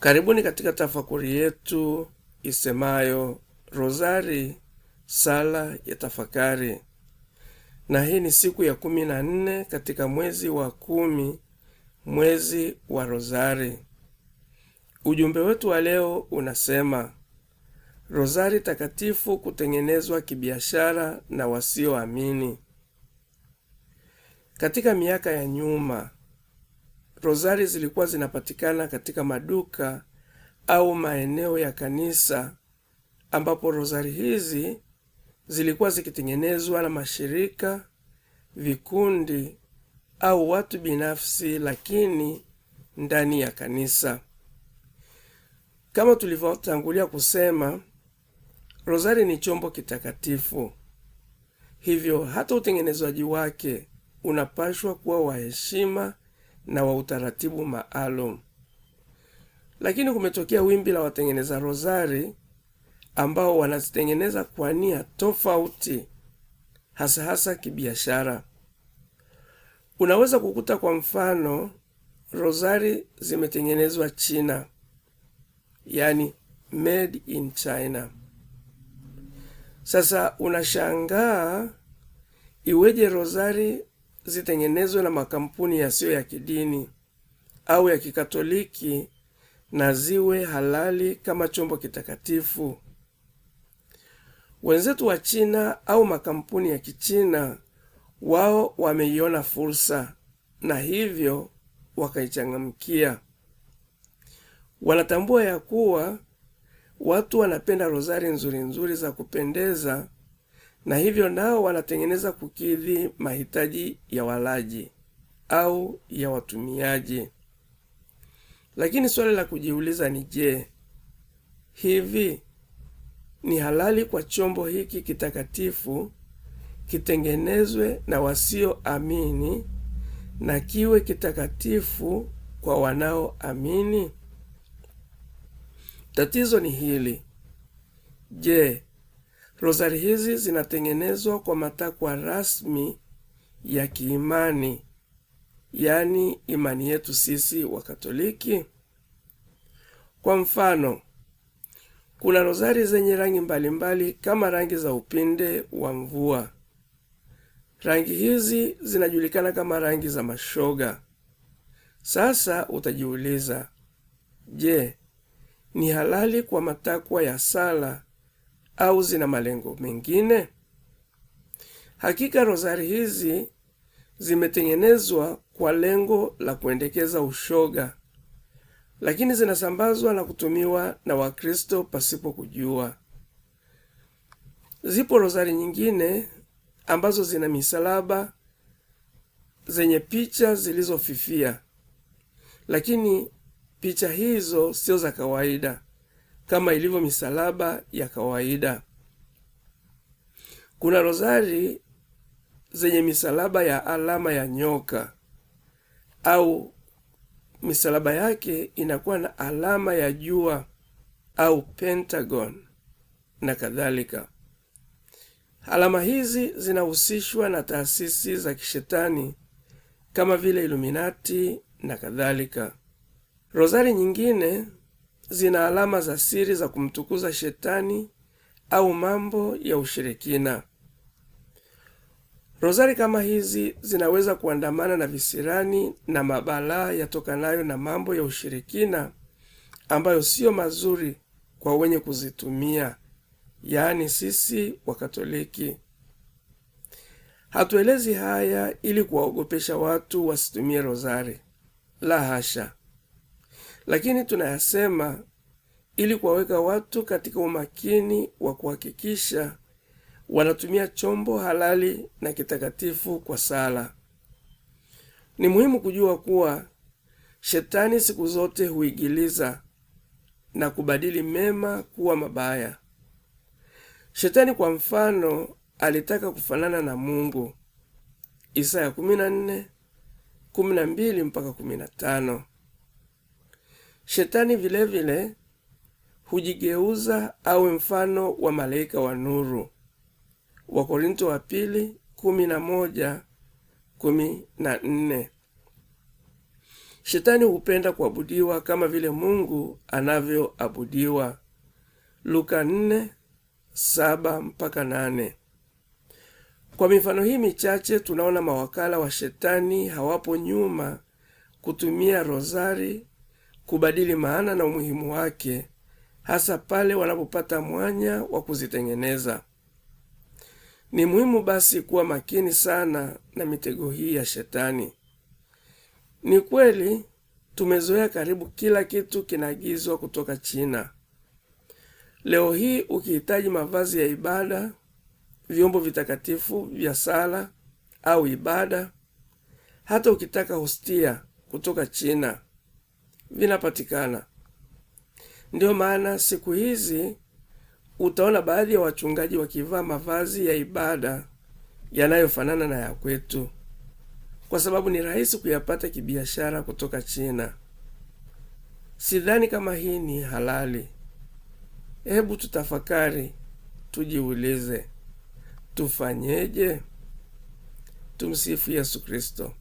Karibuni katika tafakuri yetu isemayo Rozari, sala ya tafakari, na hii ni siku ya kumi na nne katika mwezi wa kumi, mwezi wa Rozari. Ujumbe wetu wa leo unasema Rozari takatifu kutengenezwa kibiashara na wasioamini. Katika miaka ya nyuma rozari zilikuwa zinapatikana katika maduka au maeneo ya kanisa, ambapo rozari hizi zilikuwa zikitengenezwa na mashirika, vikundi au watu binafsi, lakini ndani ya kanisa. Kama tulivyotangulia kusema, rozari ni chombo kitakatifu, hivyo hata utengenezwaji wake unapashwa kuwa wa heshima na wa utaratibu maalum. Lakini kumetokea wimbi la watengeneza rozari ambao wanazitengeneza kwa nia tofauti, hasa hasa kibiashara. Unaweza kukuta kwa mfano rozari zimetengenezwa China, yani made in China. Sasa unashangaa iweje rozari zitengenezwe na makampuni yasiyo ya kidini au ya Kikatoliki na ziwe halali kama chombo kitakatifu. Wenzetu wa China au makampuni ya Kichina, wao wameiona fursa na hivyo wakaichangamkia. Wanatambua ya kuwa watu wanapenda rozari nzuri nzuri za kupendeza na hivyo nao wanatengeneza kukidhi mahitaji ya walaji au ya watumiaji. Lakini swali la kujiuliza ni je, hivi ni halali kwa chombo hiki kitakatifu kitengenezwe na wasioamini na kiwe kitakatifu kwa wanaoamini? Tatizo ni hili: je, Rozari hizi zinatengenezwa kwa matakwa rasmi ya kiimani, yaani imani yetu sisi Wakatoliki. Kwa mfano, kuna rozari zenye rangi mbalimbali mbali, kama rangi za upinde wa mvua. Rangi hizi zinajulikana kama rangi za mashoga. Sasa utajiuliza, je, ni halali kwa matakwa ya sala au zina malengo mengine? Hakika rozari hizi zimetengenezwa kwa lengo la kuendekeza ushoga, lakini zinasambazwa na kutumiwa na Wakristo pasipo kujua. Zipo rozari nyingine ambazo zina misalaba zenye picha zilizofifia, lakini picha hizo sio za kawaida kama ilivyo misalaba ya kawaida. Kuna rozari zenye misalaba ya alama ya nyoka au misalaba yake inakuwa na alama ya jua au pentagon na kadhalika. Alama hizi zinahusishwa na taasisi za kishetani kama vile Iluminati na kadhalika. Rozari nyingine zina alama za siri za kumtukuza shetani au mambo ya ushirikina. Rozari kama hizi zinaweza kuandamana na visirani na mabalaa yatokanayo na mambo ya ushirikina ambayo siyo mazuri kwa wenye kuzitumia, yaani sisi Wakatoliki. Hatuelezi haya ili kuwaogopesha watu wasitumie rozari, la hasha lakini tunayasema ili kuwaweka watu katika umakini wa kuhakikisha wanatumia chombo halali na kitakatifu kwa sala. Ni muhimu kujua kuwa shetani siku zote huigiliza na kubadili mema kuwa mabaya. Shetani kwa mfano alitaka kufanana na Mungu, Isaya 12 mpaka 15. Shetani vilevile vile, hujigeuza awe mfano wa malaika wa nuru. Wakorinto wa pili kumi na moja kumi na nne. Shetani hupenda kuabudiwa kama vile Mungu anavyoabudiwa. Luka nne saba mpaka nane. Kwa mifano hii michache tunaona mawakala wa shetani hawapo nyuma kutumia rozari kubadili maana na umuhimu wake, hasa pale wanapopata mwanya wa kuzitengeneza. Ni muhimu basi kuwa makini sana na mitego hii ya Shetani. Ni kweli tumezoea karibu kila kitu kinaagizwa kutoka China. Leo hii ukihitaji mavazi ya ibada, vyombo vitakatifu vya sala au ibada, hata ukitaka hostia kutoka China vinapatikana. Ndiyo maana siku hizi utaona baadhi ya wachungaji wakivaa mavazi ya ibada yanayofanana na ya kwetu, kwa sababu ni rahisi kuyapata kibiashara kutoka China. Sidhani kama hii ni halali. Hebu tutafakari, tujiulize, tufanyeje? Tumsifu Yesu Kristo.